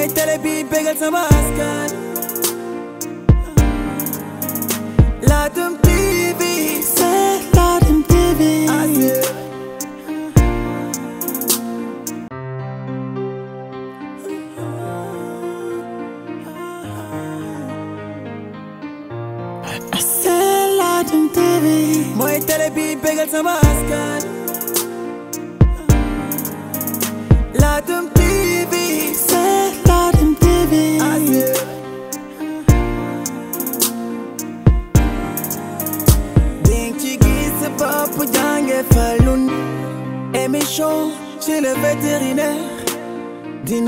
may télé bi bégal sama askan Ladoum TV c'est Ladoum TV c'est Ladoum TV mooy télé bi bégal sama askan jànge Falloune émission chez le vétérinaire.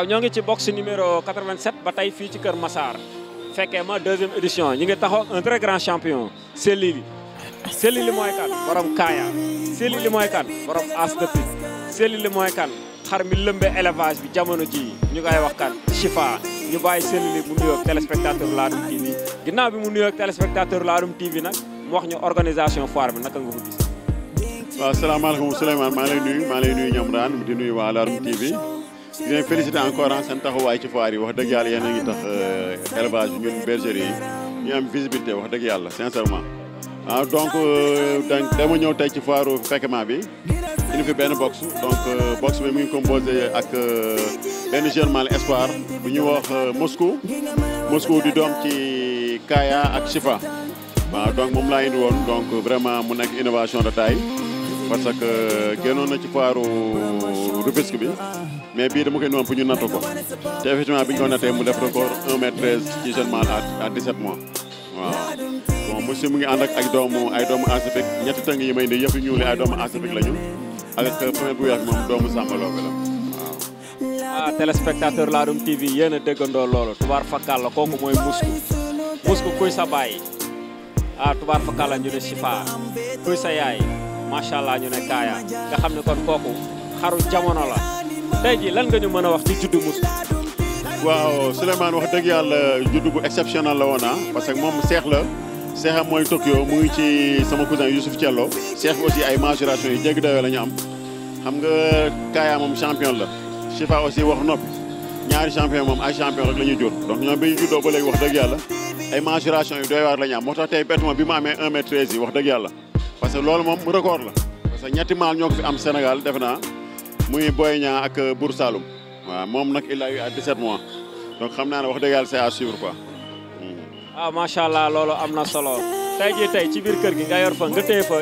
ñoo ngi ci box numéro 87 ba tey fii ci Kër Massar fekkee ma deuxième édition ñi ngi taxaw un très grand champion Selili Selili mooy kan borom Kaaya Selili mooy kan borom As de Pique mooy kan xar mi lëmbee élevage bi jamono ji ñu koy wax kan Chifa ñu bàyyi Selili mu nuyoog téléspectateur Ladoum TV ginnaaw bi mu nuyoog téléspectateur Ladoum TV nag mu wax ñu organisation foire bi naka nga ko gis. waaw salaamaaleykum Souleymane maa ngi lay nuyu maa ngi lay nuyu ñoom daan di nuyu waa Ladoum TV di leen félicité encore ah seen taxawaay ci foire yi wax dëgg yàlla yéen a ngi tax euh, élevage bi ñun bergerie ñu am visibilité wax dëgg yàlla sincèrement. ah donc euh, mu ñëw tey ci foire Fekema bi indi fi benn box donc euh, box bi mu ngi composé ak benn jeune mâle espoir bu ñu wax Moscou Moscou di doom ci Kaya ak Chifa waa donc moom laa indi woon donc vraiment mu nekk innovation de taille. parce que génnoon na ci foiru Rufisque bi mais bii dama koy noom pour ñu natt ko te bi ñu ko mu def record 1 mètre 13 ci jeune man à 17 waaw. bon monsieur mu ngi ànd ak ay doomu ay doomu Afrique ñetti tëng yi may indi yëpp yu ay doomu Afrique lañu ak premier bu weex moom doomu Samba Lô la waaw. ah téléspectateur Ladoum TV yéen a déggandoo loolu tubaar fakkal la kooku mooy musku musku kuy sa baay ah tubaar fakkal la ñu ne kuy sa yaay. macha allah ñu ne kaaya nga xam ne kon kooku xaru jamono la tey ji lan nga ñu mën a wax ci juddu mus waaw Souleymane wax dëgg yàlla juddu bu exceptionnel la woon ah parce que moom seex la seexam mooy Tokyo mu ngi ci sama cousin Youssouf Thiello seex bi aussi ay majoration yi jéggi dayoo la ñu am xam nga kaaya moom champion la Chifa aussi wax noppi ñaari champion moom ay champion rek la ñu jur donc ñoom bi juddoo ba léegi wax dëgg yàlla ay majoration yu doy waar la tax tey bêtement bi ma amee 1 wax dëgg yàlla parce que loolu moom record la parce que ñetti maal ñoo ko am Sénégal defe naa muy Boy Niang ak Bour Saloum moom nag il a eu à 17 xam naa ne wax dëgg yàlla c'est à suivre quoi. Hmm. ah macha allah loolu am na solo tey jii tey ci biir kër gi nga yor fa nga téye fa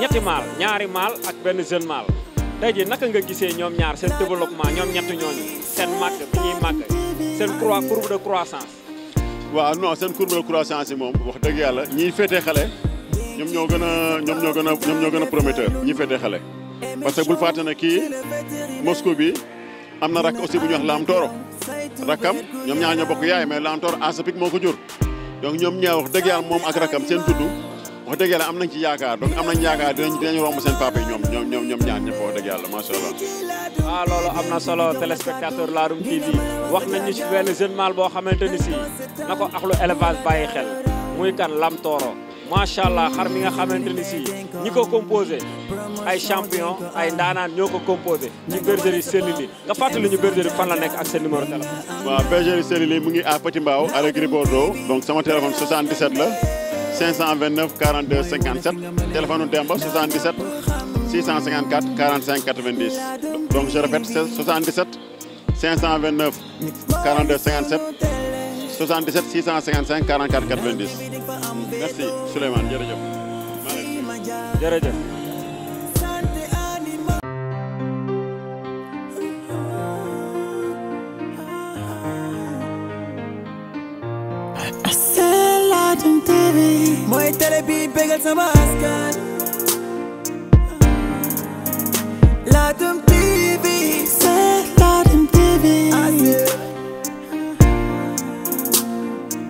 ñetti maal ñaari maal ak benn jeune maal tey jii naka nga gisee ñoom ñaar seen développement ñoom ñett ñooñu seen màgg bi ñuy màgg seen croix de croissance. waaw non seen courbe de croissance moom wax dëgg yàlla ñiy féetee xale. ñoom ñoo gën a ñoom ñoo gën a ñoom ñoo gën a prometteur ñi fete xale parce que bul fàtte ne kii Moscou bi am na rakk aussi bu ñuy wax Lamtoro rakkam ñoom ñaa ñoo bokk yaay mais Lamtoro asapik moo ko jur donc ñoom ñaa wax dëgg yàlla moom ak rakkam seen tudd wax dëgg am nañ ci yaakaar donc am nañ yaakaar dinañ dinañ romb seen papa ñoom ñoom ñoom ñoom ñaar ñëpp wax dëgg yàlla macha allah. waaw ah, loolu am na solo téléspectateur Ladoum TV wax nañu ci benn jeune mâle boo xamante ni si na ko axlu élevage bàyyi macha allah xar mi nga xamante ni si ñi ko composé ay champion ay ndaanaan ñoo ko composé ci bergerie Selili nga fàttali ñu bergerie fan la nekk ak seen numéro téléphone. waaw bergerie Selili mu ngi à Petit Mbao à Gris Bordeaux donc sama téléphone 77 la 529 42 57 téléphone nu Demba 77 654 45 90 donc je répète 77 529 42 57. 77 655 44 90 merci Souleymane jërëjëf jërëjëf mooy télé bi bégal sama